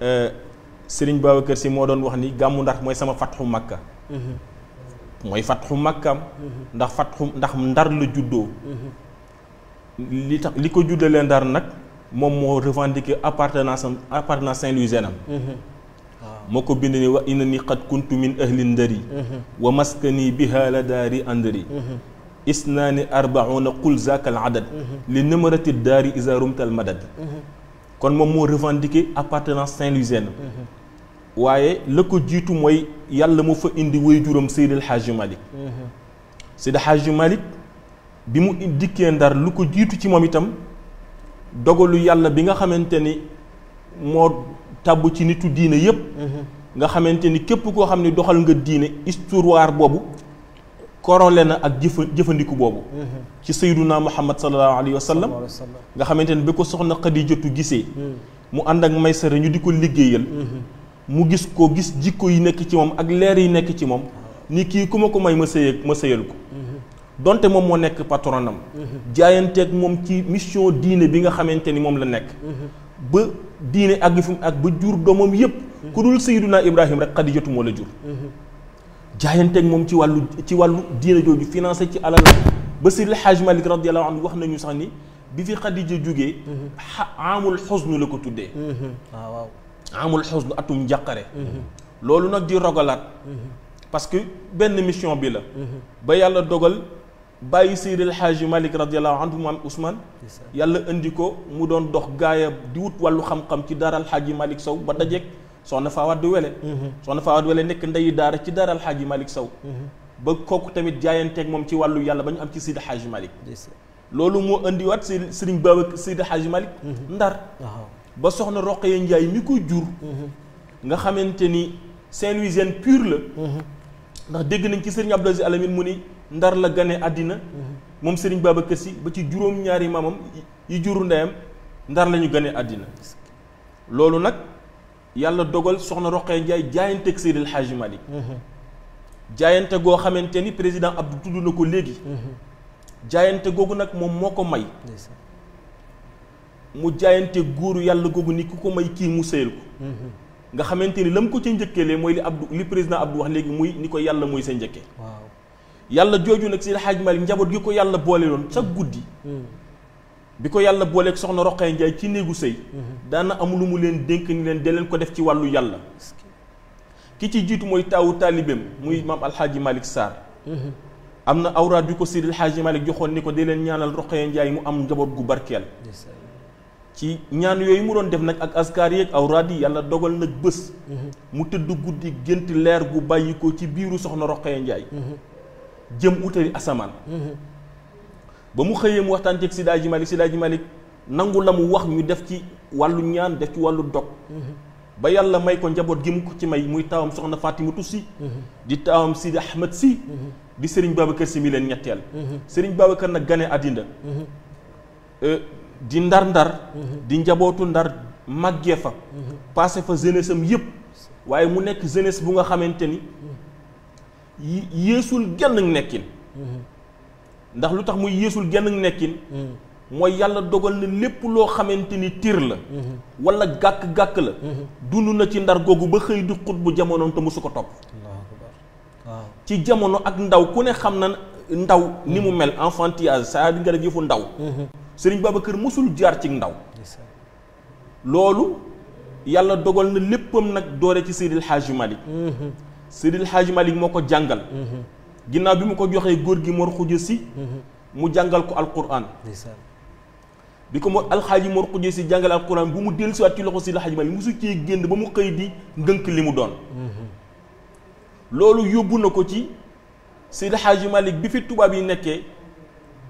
Euh, Serigne kër si moo doon wax ni gàmmu ndax mooy sama fatxu makka. mooy fatxu makkam. ndax fatxu ndax ndar la juddoo. li tax li ko juddalee ndar nag moom moo revendiqué appartenance am appartenance Saint-Louisienne am. moo ko bind ni wa innani qad kuntu min ahli ndari. wa maskani biha la daari andari. isnaani arbauna qul zaaka al adad. li numarati daari isa rumtal madad. kon moom moo revendiqué appartenance saint-louisienne waaye la ko jiitu mooy yàlla mu fa indi waajuram Seydil Hadji Malick Seydil Hadji Malick bi mu dikkee ndar lu ko jiitu ci moom itam dogalu yàlla bi nga xamante ni moo tàbb ci nitu diine yépp mhm. nga xamante ni képp koo xam ne doxal nga diine histoire boobu korole na ak jëfa jëfandiku boobu mm-hmm. ci sayyiduna muhammad sallallahu alayhi wa sallam nga xamante ne bi ko soxna xadijatu gisee mm. mu ànd ak maysara ñu di ko liggéeyal mm-hmm. mu gis ko gis jikko yi nekk ci moom ak leer yi nekk ci moom mm-hmm. ni kii ku ma ko may ma sëy sëyal ko donte moom moo nekk patronam jaayanteeg moom ci mission diine bi nga xamante ni moom la nekk ba diine ak ak ba jur doomam yépp ku dul sayyiduna ibrahim rek xadijatu moo la jur jaayanteeg moom ci wàllu ci wàllu diine jooju financé ci alal ba si El Hadj Malick radiyallahu wax nañu sax ni bi fi Xadija jógee. amul xusnu la ko tuddee. Ah, waaw waaw amul xusnu atum njàqare. Mhm. loolu nag di rogalaat. Mhm. parce que benn mission bi la. Mhm. ba yàlla dogal bàyyi Seydi El Hadj Malick radiyallahu anhu maam Ousmane. yàlla indi ko mu doon dox gaaya di wut wàllu xam-xam ci dara El Hadj Malick Sow ba dajeek. soxna Fawade Wele. Mhm. soxna Fawade Wele nekk ndeyu daara ci xaaj alxaaji malik saw mhm. ba kooku tamit jaayanteeg moom ci wàllu yàlla ba ñu am ci Seydi Xaaji Malick. loolu moo indiwaat si Sëriñ Baaba Seydi Xaaji Malick. Mhm. ndar ba soxna Roqaya Njaay mi ko jur. nga xamante ni Saint-Louisienne pure la. ndax dégg nañ ci Sëriñ Abdou Aziz Alamine mu ni ndar la gane àddina. moom Sëriñ Babacar Si ba ci juróom ñaari maamam yi jur ndeyam ndar lañu ñu gane àddina loolu nag. yàlla dogal soxna Roqee Njaay jaayanteeg Seydil Hadji Malick jaayante goo xamante ni président Abdou ko léegi jaayante googu nag moom moo ko may mu jaayante góoru yàlla googu ni ku ko may kii mu sëyal ko nga xamante ni la mu ko ca njëkkeelee mooy li Abdou li président Abdou wax léegi muy ni ko yàlla mooy sa njëkke yàlla jooju nag Seydil Hadji Malick njaboot gi ko yàlla boole loon sa guddi mm. bi ko yàlla booleek soxna Roqaya Njaay ci néegu sëy mhm. daana am lu mu leen dénk ni leen de ko def ci wàllu yàlla ki ci jiitu mooy taawu taalibeem muy maam alxaaji Malick Sarr mhm. am na awraad yu ko Seydi alxaaji Malick joxoon ni ko de leen ñaanal Roqaya Njaay mu am njaboot gu barkeel ci ñaan yooyu mu doon def nag ak askar yeeg awraad yi yàlla dogal nag bés mhm. mu tëdd guddi gént leer gu bàyyi ko ci biiru soxna Roqaya Njaay jëm utali asamaan ba mu xëyee mu waxtaan ceeg Seydi Hadji Malick Seydi Hadji Malick nangu la mu wax ñu def ci wàllu ñaan def ci wàllu dog ba yàlla may ko njaboot gi mu ko ci may muy taawam soxna Fatimatu si di taawam Sidi Ahmed si di Serigne Babacar si mi leen ñetteel Serigne Babacar nag gane àddina euh, di ndar ndar di njabootu ndar màggee fa passé fa jeunesse am yëpp waaye mu nekk jeunesse bu nga xamante ni yéesul genn nekkin ndax lu tax muy yéesul genn nekkin hmm. mooy yàlla dogal na lépp loo xamante ni tiir la hmm. walla gàkk-gàkk la hmm. dund na ci ndar googu ba xëy di xut bu jamonoom te mosu ko topp ci jamono ak ndaw ku ne xam na ndaw ni mu mel enfantillage saa di nga def yëfu ndaw sëriñ Babacar mosul jaar ci ndaw loolu yàlla dogal na léppam nag doore ci Seydil Hadji Malick Seydil Hadji Malick moo ko jàngal ginnaaw bi mu ko joxee góor gi Mor Xuja si mhm. mu jàngal ko alquran bi ko moo alxaaji Mor Xuja si jàngal alquran bu mu dellusiwaat ci loxo si laxaaji Malik musu cee génn ba mu xëy di ngënk li mu doon mhm. yóbbu na ko ci si laxaaji Malik bi fi tubaab yi nekkee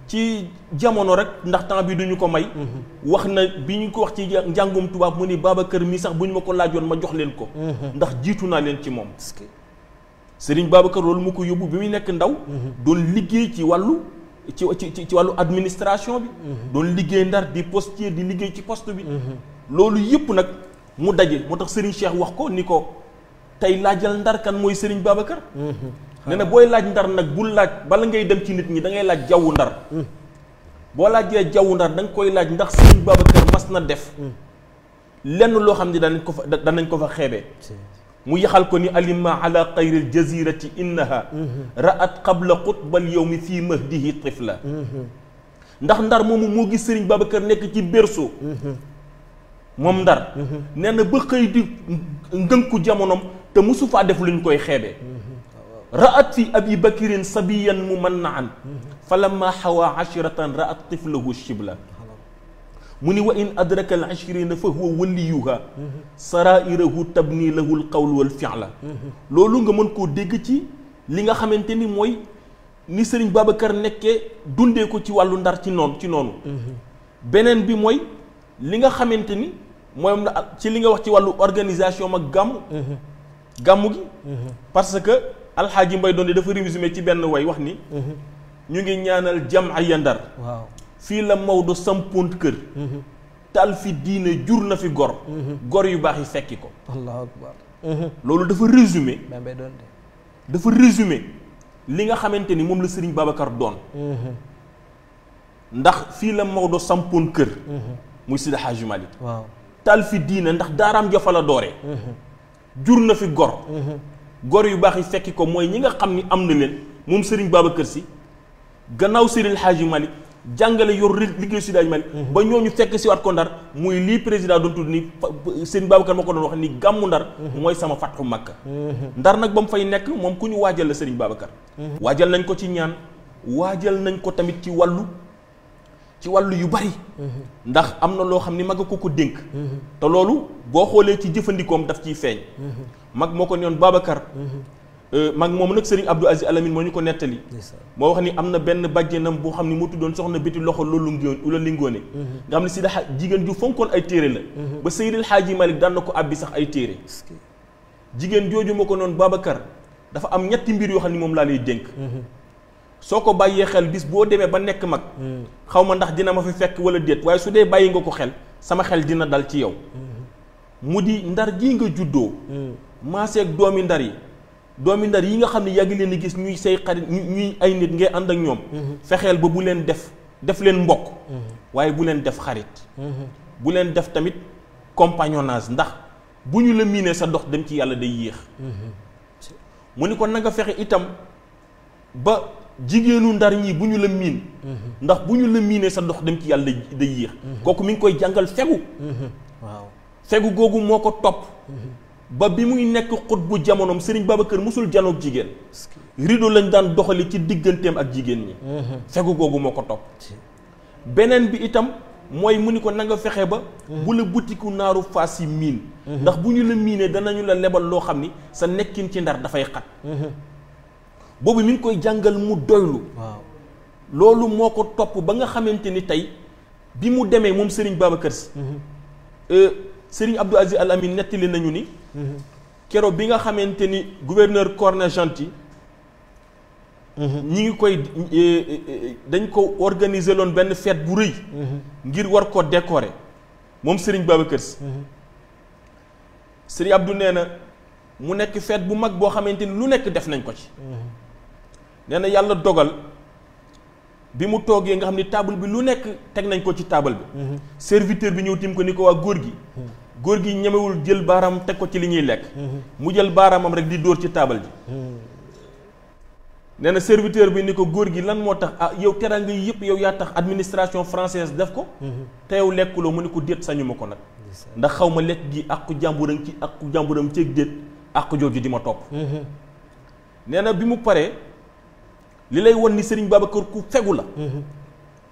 ci jamono rek ndax temps bi duñu ko may mhm. wax na bi ñu ko wax ci njàngum tubaab mu ni kër mi sax bu ñu ma ko laajoon ma jox leen ko ndax jiitu naa leen ci moom Serigne Babacar loolu mu ko yóbbu bi muy nekk ndaw. doon liggéey ci wàllu ci ci ci wàllu administration bi. doon liggéey ndar di postier di liggéey ci poste bi. loolu yëpp nag mu daje moo tax Serigne Cheikh wax ko ni ko tey laajal ndar kan mooy Serigne Babacar. ne booy laaj ndar nag bul laaj bala ngay dem ci nit ñi da ngay laaj jawwu ndar. boo laajee jawwu ndar da nga koy laaj ndax Serigne Babacar mas na def. lenn loo xam ne danañ ko fa danañ ko fa xeebee. mu yaxal ko ni alima ala xayril jazirati innaha ra'at qabla xutbal yawmi fii mahdihi tifla ndax ndar moom moo gis sëriñ Babacar nekk ci berceau moom ndar nee na ba xëy di ngënku jamonom te mosu faa def luñ koy xeebe ra'at fi abi bakirin sabiyan mu mannaan fa lamma xawaa ashiratan ra'at tiflahu shibla mu ni wa in adraka al ashrina fa huwa waliyuha sarairahu tabni lahu l qawl wal fi'la loolu nga mën koo dégg ci li nga xamante ni mooy ni sëriñ Babacar nekkee dundee ko ci wàllu ndar ci noonu ci noonu beneen bi mooy li nga xamante ni mooy ci li nga wax ci wàllu organisation mag gàmmu gàmmu gi parce que alxaaji mbay doon di dafa résumé ci benn way wax ni ñu ngi ñaanal jam ay yandar waaw fii la Maodo sampoon kër mhm. tal fi diina jur na fi gor mhm. gor yu baax yi fekki ko allahu akbar mhm. loolu dafa résumé dafa résumé li nga xamante ni moom la Serigne Babacar doon ndax fii la Maodo sampoon kër muy Seydi Hadji Malick waaw tal fi diina ndax daaraam jafa la dooree jur na fi gor gor yu baax yi fekki ko mooy ñi nga xam ni am na leen moom Serigne Babacar si gannaaw Serigne Hadji Malick jàngale yor liggéey si Hadji Malick ba ñu fekk si waat ko ndar muy lii président doon tudd ni sëñ Babacar ma ko doon wax ni gàmmu ndar mhm. mooy sama fatxu Makka mhm. ndar nag ba mu fay nekk moom ku ñu waajal la sëriñ Babacar mhm. waajal nañ ko ci ñaan waajal nañ ko tamit ci wàllu ci wàllu yu bari ndax am na loo xam ni mag a ko ko dénk te loolu boo xoolee ci jëfandikoom daf ciy feeñ mag moo ko ne woon Babacar Euh, mag moom nag Serigne Abdou Aziz Alamine moo ñu ko nettali. moo wax ni am na benn bàjjenam boo xam ne mu tuddoon soxna biti loxo loolu la li lingoone mm-hmm. nga am ne si da jigéen ju fonkoon ay téere la. Mm-hmm. ba Seydil Hadji Malick daan na ko abbi sax ay téere. jigéen jooju ma ko noonu Babacar dafa am ñetti mbir yoo xam ne moom laa lay dénk. Mm-hmm. soo ko bàyyee xel bis boo demee ba nekk mag. xaw ma ndax dina ma fi fekk wala déet waaye su dee bàyyi nga ko xel sama xel dina dal ci yow. mu di ndar ji nga juddoo. maaseeg ndar yi. doomi ndar yi nga xam ne yàgg leen gis ñuy say xarit ñuy ay nit ngay ànd ak ñoom mm-hmm. fexeel ba bu leen def def leen mbokk mm-hmm. waaye bu leen def xarit mm-hmm. bu leen def tamit compagnonnage ndax bu ñu la sa dox dem ci yàlla day yéex mu ni ko na fexe itam ba jigéenu ndar ñi bu ñu la miin ndax bu ñu la miinee sa dox dem ci yàlla day yéex kooku mi ngi koy jàngal fegu waaw fegu googu moo ko topp ba bi muy nekk xut bu jamonoom Serigne Babacar mosul janoog jigéen rido lañ daan doxali ci digganteem ak jigéen ñi mhm. fegu googu moo ko topp beneen bi itam mooy mu ni ko nanga fexe ba mhm. bu la butiku naaru faas yi miin mhm. ndax bu ñu la miinee danañu la lebal loo xam ni sa nekkin ci ndar dafay xat boobu mi ngi koy jàngal mu doylu loolu moo ko topp ba nga xamante ni tey bi mu demee moom Serigne Babacar Sy euh, Serigne Abdou Aziz Al Amin nettali nañu ni. kero bi nga xamante ni gouverneur Cornet Gentil. ñi ngi koy eh, eh, dañ ko organiser loon benn fête bu rëy. ngir war ko décorer moom sëriñ Babacar Sy. Serigne Abdou nee na mu nekk fête bu mag boo xamante ni lu nekk def nañ ko ci. nee yàlla dogal bi mu toogee nga xam ni table bi lu nekk teg nañ ko ci table bi. Mhm. serviteur bi ñëw tim ko ni ko waa góor gi. Mhm. góor gi ñemewul jël baaraam teg ko ci li ñuy lekk mhm. mu jël baaraamam rek di dóor ci taabal ji mhm. nee na serviteur bi ni ko góor gi lan moo tax ah yow teraanga yi yëpp yow yaa tax administration française def ko mhm. te yow lekkuloo mu ni ko déet sañu ma ko nag ndax xaw ma lekk gi àqu jàmburam ci àqu jàmburam ceeg déet àqu jooju di ma topp nee na bi mu paree li lay won ni sëriñ Serigne kër ku fegu la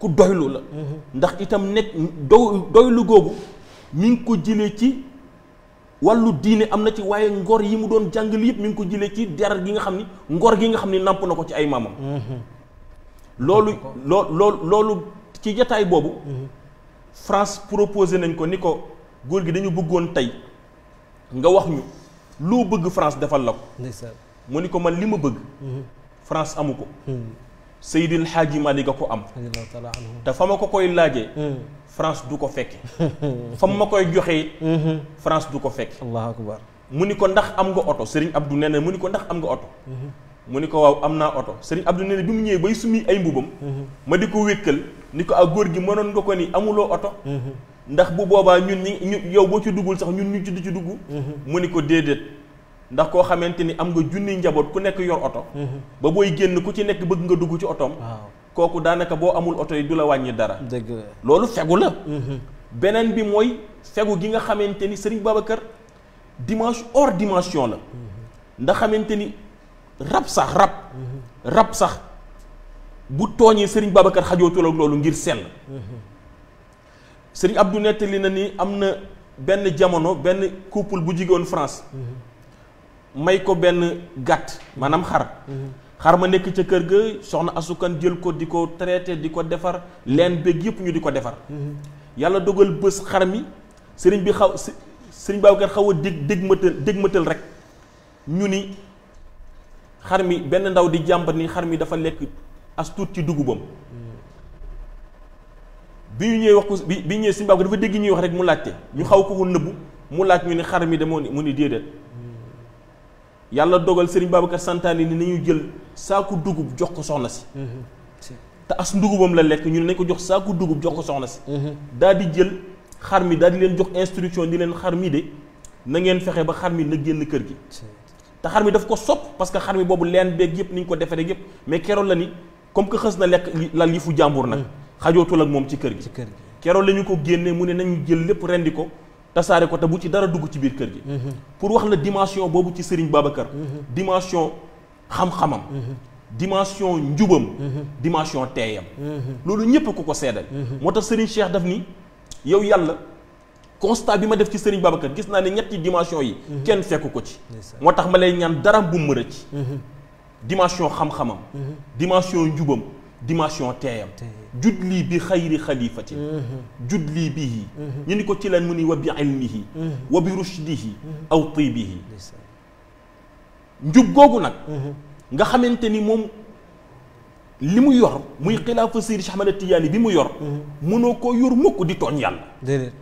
ku doylu la ndax itam nekk doy doylu googu mi ngi ko jilee ci wàllu diine am na ci waaye ngor yi mu doon jàngal yëpp mu ngi ko jëlee ci der gi nga xam ni ngor gi nga xam ni nàmp na ko ci ay maamam mm-hmm. loolu loo loolu loolu ci jataay boobu mm-hmm. France proposé nañ ko ni ko góor gi dañu bëggoon tey nga wax ñu loo bëgg France defal la ko mu ni ko man li ma bëgg mm-hmm. France amu ko Seydil Hadji Malick a ko am te ma ko koy laajee France du ko fekke fa mu ma koy joxee mhm. France du ko fekke allahu akbar mu ni ko ndax am nga oto Serigne Abdou nee na mu ni ko ndax am nga oto mhm. mu ni ko waaw am naa oto Serigne Abdou nee bi mu ñëwee bay sumi ay mbubam mhm. ma di ko wékkal ni ko ak ah, góor gi mënoon nga ko ni amuloo oto ndax bu boobaa ñun ñi ñu yow boo ci duggul sax ñun ñu ci du ci dugg mu ni ko déedéet ndax koo xamante ni am nga junni njaboot ku nekk yor oto ba booy génn ku ci nekk bëgg nga dugg ci otoom kooku daanaka boo amul oto yi du la wàññi dara. dëgg loolu fegu la. Mm-hmm. beneen bi mooy fegu gi nga xamante ni Serigne Babacar dimanche hors dimension la. Mm-hmm. ndax xamante ni rab sax rab. Mm-hmm. rab sax bu tooñee sëriñ Babacar xajootul ak loolu ngir sell. Serigne Abdou nettali na ni am na benn jamono benn couple bu jigéen France. may ko benn gàtt maanaam xar. xar ma nekk ca kër ga soxna asukan jël ko di ko traité di ko defar leen bëgg yépp ñu di ko defar yàlla dogal bës xar mi sëriñ bi xaw sëriñ Babacar xaw a dég dégmatal dégmatal rek ñu ni xar mi benn ndaw di jàmbat ni xar mi dafa lekk as tuut ci dugubam bi ñu ñëwee wax ko bi bi ñëwee sëriñ Babacar dafa dégg ñuy wax rek mu laajte ñu xaw ko ko nëbbu mu laaj ñu ni xar mi demoo ni mu ni déedéet yàlla dogal Serigne Babacar santaane ni nañu jël saaku dugub jox ko soxna si mhm. te as ndugubam la lekk ñu ne nañ ko jox saaku dugub jox ko soxna si mhm. daal di jël xar mi daal di leen jox instruction di leen xar mi de na ngeen fexe ba xar mi na génn kër gi te xar mi daf ko sopp parce que xar mi boobu leen beeg yëpp ni ko defe rek mais keroon la ni comme que xës na lekk lal yi fu jàmbur nag mhm. xajootul ak moom ci kër gi keroon la ñu ko génnee mu ne nañu jël lépp rendi ko tasaare ko te bu ci dara dugg ci biir kër gi. Mhm. pour wax la dimension boobu ci Serigne Babacar. Mhm. dimension xam-xamam. Mhm. dimension njubam. dimension teeyam. loolu ñëpp ku ko seedal. moo tax Serigne Cheikh daf ni yow yàlla constat bi ma def ci Serigne Babacar gis naa ne ñetti dimension yi. kenn fekk ko ci. moo tax ma lay ñaan dara bu mu rëcc. dimension xam-xamam. dimension njubam. dimension teeyam jud lii bi xayri xalifati mm-hmm. jud lii bihi mm-hmm. ñu ni ko ci lan mu ni wa bi ilmihi mm-hmm. wa bi rushdihi aw tibihi njub googu nag nga xamante ni moom li mu yor muy xilaafa Seydi Cheikh Ahmad Tijaani bi mu yor mënoo koo yor mukk di tooñ yàlla déedéet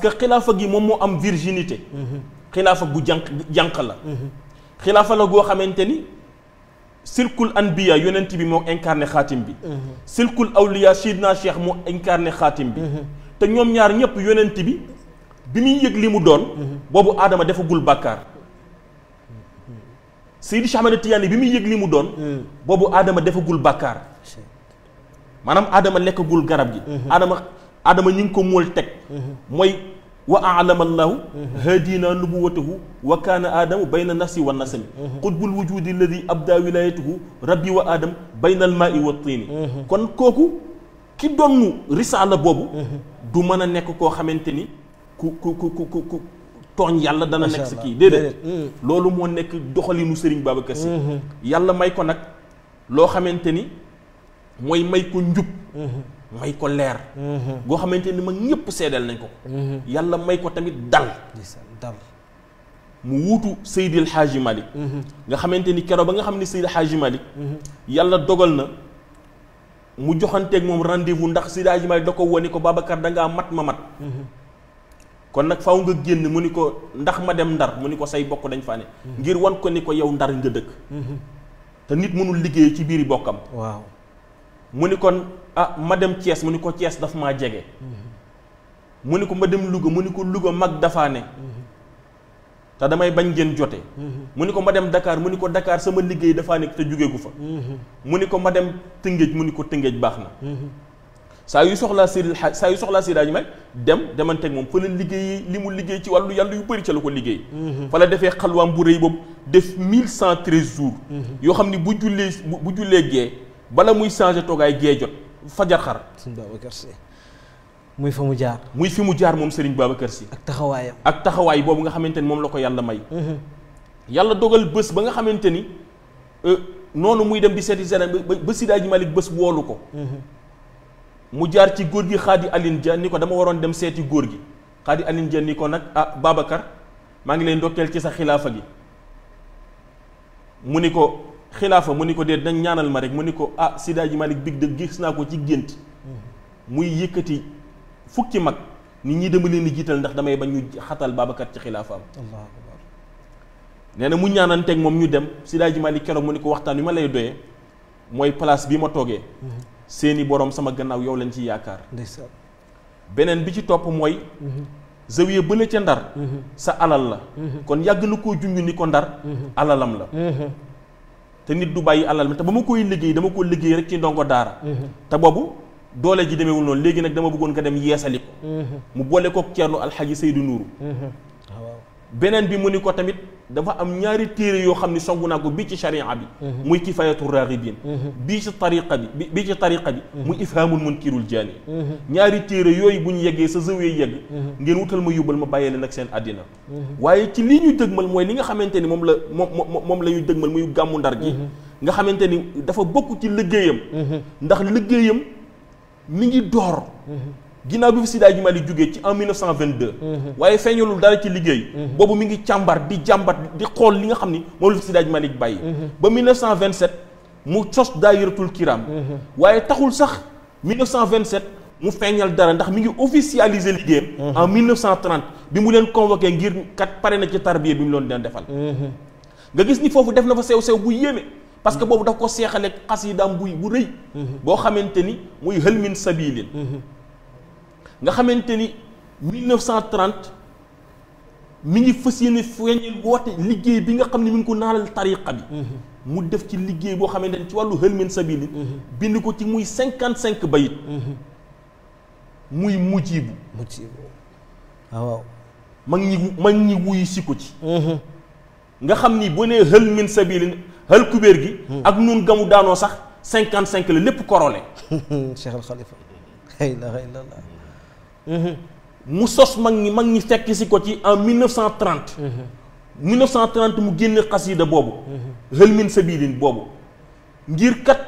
que xilaafa gi moom moo am virginité xilaafa gu jànq jànq la xilaafa la goo xamante ni silkul anbiya yonent bi moo incarné xaatim bi mhm. silkul awliya sidna cheikh moo incarné xaatim bi mhm. te ñoom ñaar ñëpp yonent bi bi muy yëg li mu doon mhm. boobu aadama defagul bàkkaar Seydi Cheikh bi muy yëg li mu doon boobu aadama defagul bàkkaar maanaam aadama lekkagul garab gi aadama aadama ñu ngi ko móol teg mooy wa aalama allahu haadina nubuwatahu wa kaana aadamu bayna nafsi wa nasami qutbul wujudi alladi abda wilayatuhu rabbi wa aadam bayna almaai wa tiini kon kooku ki donnu risaala boobu du mën a nekk koo xamante ni ku ku ku ku ku tooñ yàlla dana nekk si kii déedéet mm. loolu moo nekk doxalinu Serigne Babacar mm-hmm. yàlla may ko nag loo xamante ni mooy may ko njub mm-hmm. may ko leer. Mhm. goo xamante ni mag ñëpp seedeel nañ ko. Mhm. yàlla may ko tamit dal. dal mu wuutu Seydil Hadji Malick. Mhm. nga xamante ni keroog ba nga xam ni Seydil Hadji yàlla dogal na mu joxanteeg moom rendez-vous ndax Seydil Hadji Malick da ko woni ko Babacar da ngaa mat ma mat. kon nag faw nga génn mu ni ko ndax ma dem ndar mu ni ko say bokk dañ faa ne ngir wan ko ni ko yow ndar nga dëkk te nit mënul liggéey ci biir bokkam mu ni kon ah ma dem cees mu ne ko cees dafa maa jege mu ne ko ma dem Louga mu ne ko Louga mag dafaa ne te damay bañ ngeen jote mu ne ko ma dem dakaar mu ni ko dakaar sama liggéey dafaa nekk te jóge fa mu ne ko ma dem Tëngéej mu ni ko Tëngéej baax na saa yu soxlaa Seydi saa yu soxla Seydi Hadji Malick dem demanteeg moom fa la liggéey li mu liggéey ci wàllu yàlla yu bëri ca la ko liggéey fa la defee xalwaam bu rëy boobu def mille cent treize jours yoo xam ne bu jullee bu jullee gee bala muy changé toogaay gee jot fajar xar sëriñ Babacar Sy muy fa mu jaar muy fi mu jaar moom sëriñ Babacar si ak taxawaayam ak taxawaay boobu nga xamante ni moom la ko yàlla may mm-hmm. yàlla dogal bés ba nga xamante ni euh, noonu muy dem di seeti Sénégal ba Seydi Hadji Malick bés woolu ko mm-hmm. mu jaar ci góor gi Xaadi Aline Dia ni ko dama waroon dem seeti góor gi Xaadi Aline Dia ni ko nag a ah, Babacar maa ngi leen ndokkeel ci sa xilaafa gi mu ni ko xilaafa mu ni ko déet nañ ñaanal ma rek mu ni ko ah ji Malick big dëgg gis naa ko ci gént muy yëkkati fukki mag nit ñi dama leen di jiital ndax damay bañ ñu xatal Babacar ci xilaafaam nee na mu ñaanal ñaananteeg moom ñu dem sidaaji Malick keroog mu ni ko waxtaan wi ma lay doyee mooy place bi ma toogee mhm. seeni borom sama gannaaw yow lañ ci yaakaar beneen bi ci topp mooy mhm. zawiya bële ca ndar mhm. sa alal la kon yàgg na ko junj ni ko ndar alalam la te nit du bàyyi alal mi te ba ma koy liggéey dama ko liggéey rek ci ndongo daara mm-hmm. te boobu doole ji demeewul noonu léegi nag dama bëggoon nga dem yeesali ko mm-hmm. mu boole kook ceerno alxaji Seydou Nourou mm-hmm. ah, beneen bi mu ni ko tamit dafa am ñaari téere yoo xam ne songu naa ko bii ci sharia bi mhm. muy kifayatu raghibin mhm. bii ci tariqa bi bii ci tariqa bi mhm. muy ifhamul munkirul jaani ñaari téere yooyu bu ñu yeggee sa zawee yegg ngeen wutal ma yóbbal ma bàyyee leen ak seen àddina waaye ci lii ñuy dëgmal mooy li nga xamante ni moom la moom moom la ñuy dëgmal muy gàmmu ndar gi nga xamante ni dafa bokk ci liggéeyam ndax liggéeyam mi ngi door ginnaaw bi fi Seydi Hadji Malick jógee ci en 1922. Mhm. waaye feeñalul dara ci liggéey. Mhm. boobu mi ngi càmbar di jàmbat di xool li nga xam ni moom la fi Seydi Hadji Malick bàyyi. Mhm. ba 1927 mu sos daayiratul kiram. waaye taxul sax 1927 mu feeñal dara ndax mi ngi officialiser liggéeyam. en 1930 bi mu leen convoqué ngir kat pare na ci tarbiya bi mu loon dina defal. nga gis ni foofu def na fa sew sew bu yéeme. parce que boobu daf ko seexaleeg xasidaam bu bu rëy. boo xamante ni muy hëlmin sabilin nga xamante ni mu 1930 mi ngi fas yéene feeñal woote liggéey bi nga xam ne mu ngi ko naalal tariqa bi. Mm-hmm. mu def ci liggéey boo xamante ni ci wàllu hëlmen sabili mm-hmm. bind ko ci muy cinquante cinq bayit mm-hmm. muy mujjibu ah, waaw mag ñi mag ñi wuyu si ko ci nga xam ni boo nee hëlmen sabili hël kubéer gi ak nun gamu daanoo sax cinquante cinq la lépp korole Cheikh al mu sos mag ñi mag ñi fekk si ko ci en 1930. 1930 mu génne xasida boobu. hëlmin sabilin boobu. ngir kat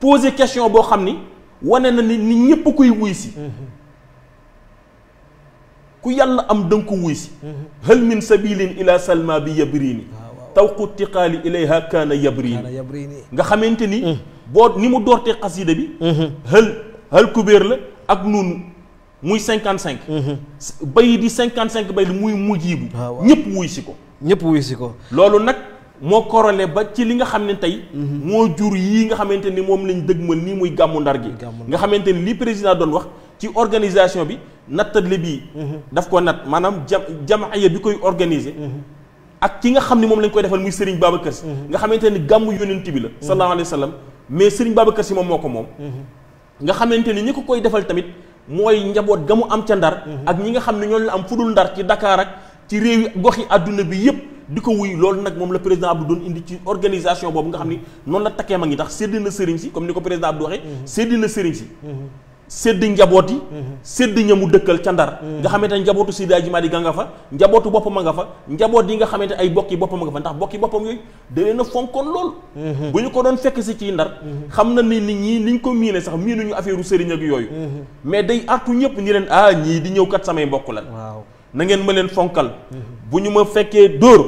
poser question boo xam ni wane na ni nit ñëpp kuy wuy si. ku yàlla am dënk wuy si. hëlmin sabilin ila salma bi yabrini. Ah, tawqu tiqaali ilayha kaana yabrini nga xamante ni. Mm. boo ni mu doortee xasida bi. Mm-hmm. hël hël kubéer la ak nun muy cinquante cinq bay di cinquante cinq bay li muy mujiibu ah, ñëpp wuy si ko ñëpp wuy si ko loolu nag moo korole ba ci li nga xam ne tey mhm. moo jur yii nga xamante ni moom lañ dëgmal nii muy gàmmu ndar gi nga xamante ni li président doon wax ci organisation bi nattale bi mhm. daf ko nat maanaam jam jamaaya bi koy organiser mhm. ak ki nga xam ne moom lañ koy defal muy Serigne Babacar Sy nga xamante ni gàmmu yonent bi la sallallahu alayhi wa sallam mais Serigne Babacar Sy moom moo ko moom nga xamante ni ñi ko koy defal tamit mooy njaboot ga mu am ca ndar mhm. ak ñi nga xam ne ñooñu la am fudul ndar ci Dakar ak ci réew yi gox yi àdduna bi yëpp di ko wuy loolu nag moom la président Abdou doon indi ci organisation boobu nga xam ni noonu la takkee mag ñi tax sédd na sëriñ si comme ni ko président Abdou waxee mhm. sédd na sëriñ si mhm. sédd njaboot yi sédd ña mu dëkkal ca ndar nga xamante ne njabootu Seydi Aji Maalik nga fa njabootu boppam a nga fa njaboot yi nga xamante ay bokki boppam a nga fa ndax bokki boppam yooyu da leen a fonkoon lool bu ñu ko doon fekk si ci ndar xam na ni nit ñi niñ ko miine sax miinuñu affaireu sëriñ ak yooyu mais day artu ñëpp ni leen ah ñii di ñëw kat samay mbokk lan na ngeen ma leen fonkal bu ñu ma fekkee dóor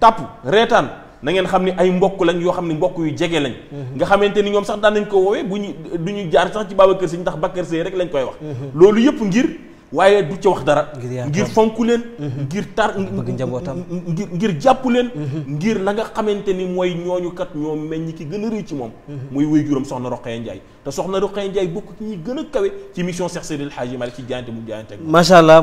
tàpp reetaan na ngeen xam ni ay mbokk lañ yoo xam ni mbokk yu jege lañ mhm. nga xamante ni ñoom sax daan nañ ko woowee bu ñu du ñu jaar sax ci Babacar Sy ndax Bakar Sy rek lañ koy wax mhm. loolu yëpp ngir waaye du ca wax dara ngir fonk leen mhm. ngir tar njabootam ngir ngir jàpp leen ngir la nga xamante ni mooy ñooñu kat ñoo meññ ki gën a rëy ci moom muy wéy juróom soxna Roqaya Ndiaye te soxna Roqaya Ndiaye bokk ci ñi gën a kawe ci mission Cheikh Seydil Hadji Malick ci jaayante mu jaayante ak macha allah